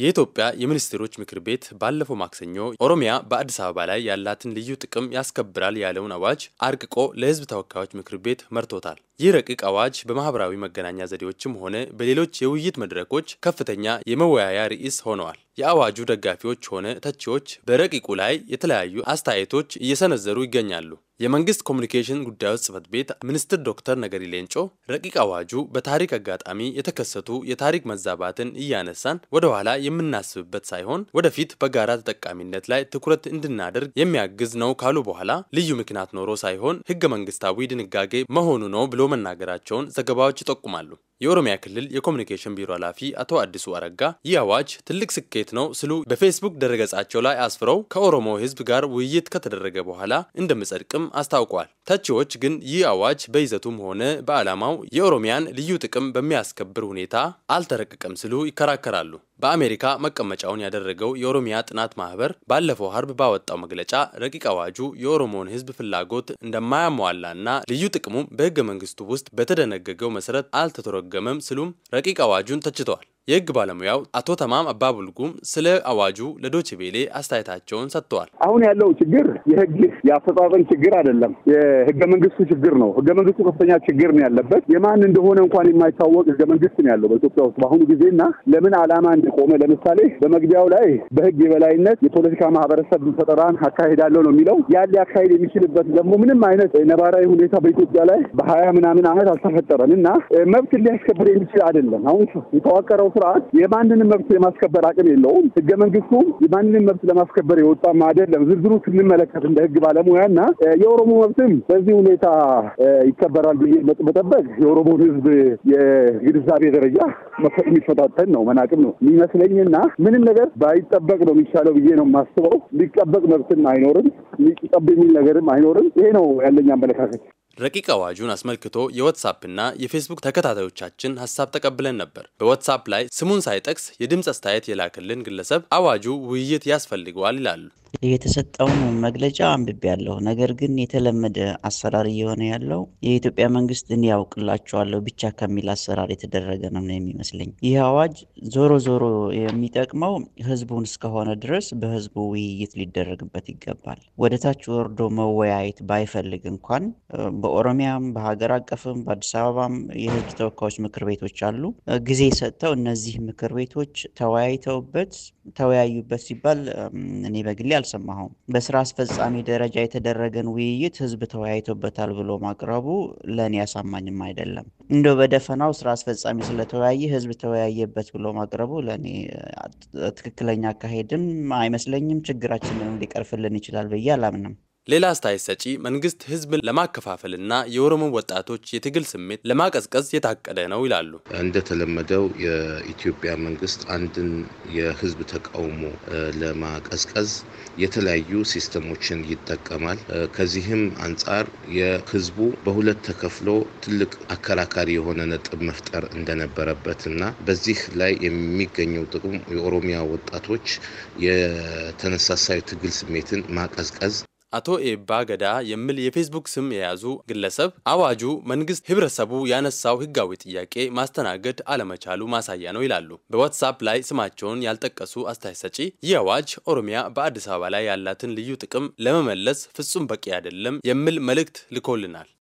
የኢትዮጵያ የሚኒስትሮች ምክር ቤት ባለፈው ማክሰኞ ኦሮሚያ በአዲስ አበባ ላይ ያላትን ልዩ ጥቅም ያስከብራል ያለውን አዋጅ አርቅቆ ለሕዝብ ተወካዮች ምክር ቤት መርቶታል። ይህ ረቂቅ አዋጅ በማህበራዊ መገናኛ ዘዴዎችም ሆነ በሌሎች የውይይት መድረኮች ከፍተኛ የመወያያ ርዕስ ሆነዋል። የአዋጁ ደጋፊዎች ሆነ ተቺዎች በረቂቁ ላይ የተለያዩ አስተያየቶች እየሰነዘሩ ይገኛሉ። የመንግስት ኮሚኒኬሽን ጉዳዮች ጽህፈት ቤት ሚኒስትር ዶክተር ነገሪ ሌንጮ ረቂቅ አዋጁ በታሪክ አጋጣሚ የተከሰቱ የታሪክ መዛባትን እያነሳን ወደኋላ የምናስብበት ሳይሆን ወደፊት በጋራ ተጠቃሚነት ላይ ትኩረት እንድናደርግ የሚያግዝ ነው ካሉ በኋላ ልዩ ምክንያት ኖሮ ሳይሆን ህገ መንግስታዊ ድንጋጌ መሆኑ ነው ብሎ መናገራቸውን ዘገባዎች ይጠቁማሉ። የኦሮሚያ ክልል የኮሚኒኬሽን ቢሮ ኃላፊ አቶ አዲሱ አረጋ ይህ አዋጅ ትልቅ ስኬት ነው ስሉ በፌስቡክ ድረገጻቸው ላይ አስፍረው ከኦሮሞ ሕዝብ ጋር ውይይት ከተደረገ በኋላ እንደሚጸድቅም አስታውቋል። ተቺዎች ግን ይህ አዋጅ በይዘቱም ሆነ በዓላማው የኦሮሚያን ልዩ ጥቅም በሚያስከብር ሁኔታ አልተረቀቀም ስሉ ይከራከራሉ። በአሜሪካ መቀመጫውን ያደረገው የኦሮሚያ ጥናት ማህበር ባለፈው ሀርብ ባወጣው መግለጫ ረቂቅ አዋጁ የኦሮሞን ህዝብ ፍላጎት እንደማያሟላና ልዩ ጥቅሙም በህገ መንግስቱ ውስጥ በተደነገገው መሰረት አልተተረገመም ሲሉም ረቂቅ አዋጁን ተችተዋል። የህግ ባለሙያው አቶ ተማም አባቡልጉም ስለ አዋጁ ለዶችቬሌ አስተያየታቸውን ሰጥተዋል። አሁን ያለው ችግር የህግ የአፈጻጸም ችግር አይደለም፣ የህገ መንግስቱ ችግር ነው። ህገ መንግስቱ ከፍተኛ ችግር ነው ያለበት። የማን እንደሆነ እንኳን የማይታወቅ ህገ መንግስት ነው ያለው በኢትዮጵያ ውስጥ በአሁኑ ጊዜ እና ለምን ዓላማ እንደቆመ ለምሳሌ በመግቢያው ላይ በህግ የበላይነት የፖለቲካ ማህበረሰብ ፈጠራን አካሄዳለሁ ነው የሚለው። ያለ አካሄድ የሚችልበት ደግሞ ምንም አይነት ነባራዊ ሁኔታ በኢትዮጵያ ላይ በሀያ ምናምን ዓመት አልተፈጠረም እና መብት ሊያስከብር የሚችል አይደለም። አሁን የተዋቀረው ስርዓት የማንንም መብት የማስከበር አቅም የለውም። ህገ መንግስቱ የማንንም መብት ለማስከበር የወጣ አይደለም። ዝርዝሩ ስንመለከት እንደ ህግ ባለሙያና የኦሮሞ መብትም በዚህ ሁኔታ ይከበራል ብዬ መጠበቅ የኦሮሞን ህዝብ የግንዛቤ ደረጃ የሚፈታተን ነው መናቅም ነው የሚመስለኝና ምንም ነገር ባይጠበቅ ነው የሚሻለው ብዬ ነው የማስበው። ሊጠበቅ መብትም አይኖርም፣ የሚጠብ የሚል ነገርም አይኖርም። ይሄ ነው ያለኝ አመለካከት። ረቂቅ አዋጁን አስመልክቶ የዋትሳፕና የፌስቡክ ተከታታዮቻችን ሀሳብ ተቀብለን ነበር። በዋትሳፕ ላይ ስሙን ሳይጠቅስ የድምፅ አስተያየት የላክልን ግለሰብ አዋጁ ውይይት ያስፈልገዋል ይላሉ። የተሰጠውን መግለጫ ያለሁ ነገር ግን የተለመደ አሰራር እየሆነ ያለው የኢትዮጵያ መንግስት እኔ ያውቅላቸዋለሁ ብቻ ከሚል አሰራር የተደረገ ነው ነው የሚመስለኝ። ይህ አዋጅ ዞሮ ዞሮ የሚጠቅመው ህዝቡን እስከሆነ ድረስ በህዝቡ ውይይት ሊደረግበት ይገባል። ወደ ታች ወርዶ መወያየት ባይፈልግ እንኳን በኦሮሚያም፣ በሀገር አቀፍም፣ በአዲስ አበባም የህዝብ ተወካዮች ምክር ቤቶች አሉ። ጊዜ ሰጥተው እነዚህ ምክር ቤቶች ተወያይተውበት ተወያዩበት ሲባል እኔ በግሌ አልሰማሁም። በስራ አስፈጻሚ ደረጃ የተደረገን ውይይት ህዝብ ተወያይቶበታል ብሎ ማቅረቡ ለእኔ አሳማኝም አይደለም። እንደው በደፈናው ስራ አስፈጻሚ ስለተወያየ ህዝብ ተወያየበት ብሎ ማቅረቡ ለእኔ ትክክለኛ አካሄድም አይመስለኝም። ችግራችንንም ሊቀርፍልን ይችላል ብዬ አላምንም። ሌላ አስተያየት ሰጪ መንግስት ህዝብን ለማከፋፈልና የኦሮሞ ወጣቶች የትግል ስሜት ለማቀዝቀዝ የታቀደ ነው ይላሉ። እንደተለመደው የኢትዮጵያ መንግስት አንድን የህዝብ ተቃውሞ ለማቀዝቀዝ የተለያዩ ሲስተሞችን ይጠቀማል። ከዚህም አንጻር የህዝቡ በሁለት ተከፍሎ ትልቅ አከራካሪ የሆነ ነጥብ መፍጠር እንደነበረበት እና በዚህ ላይ የሚገኘው ጥቅም የኦሮሚያ ወጣቶች የተነሳሳዩ ትግል ስሜትን ማቀዝቀዝ አቶ ኤባ ገዳ የሚል የፌስቡክ ስም የያዙ ግለሰብ አዋጁ መንግስት ህብረተሰቡ ያነሳው ህጋዊ ጥያቄ ማስተናገድ አለመቻሉ ማሳያ ነው ይላሉ። በዋትሳፕ ላይ ስማቸውን ያልጠቀሱ አስተያየት ሰጪ ይህ አዋጅ ኦሮሚያ በአዲስ አበባ ላይ ያላትን ልዩ ጥቅም ለመመለስ ፍጹም በቂ አይደለም የሚል መልእክት ልኮልናል።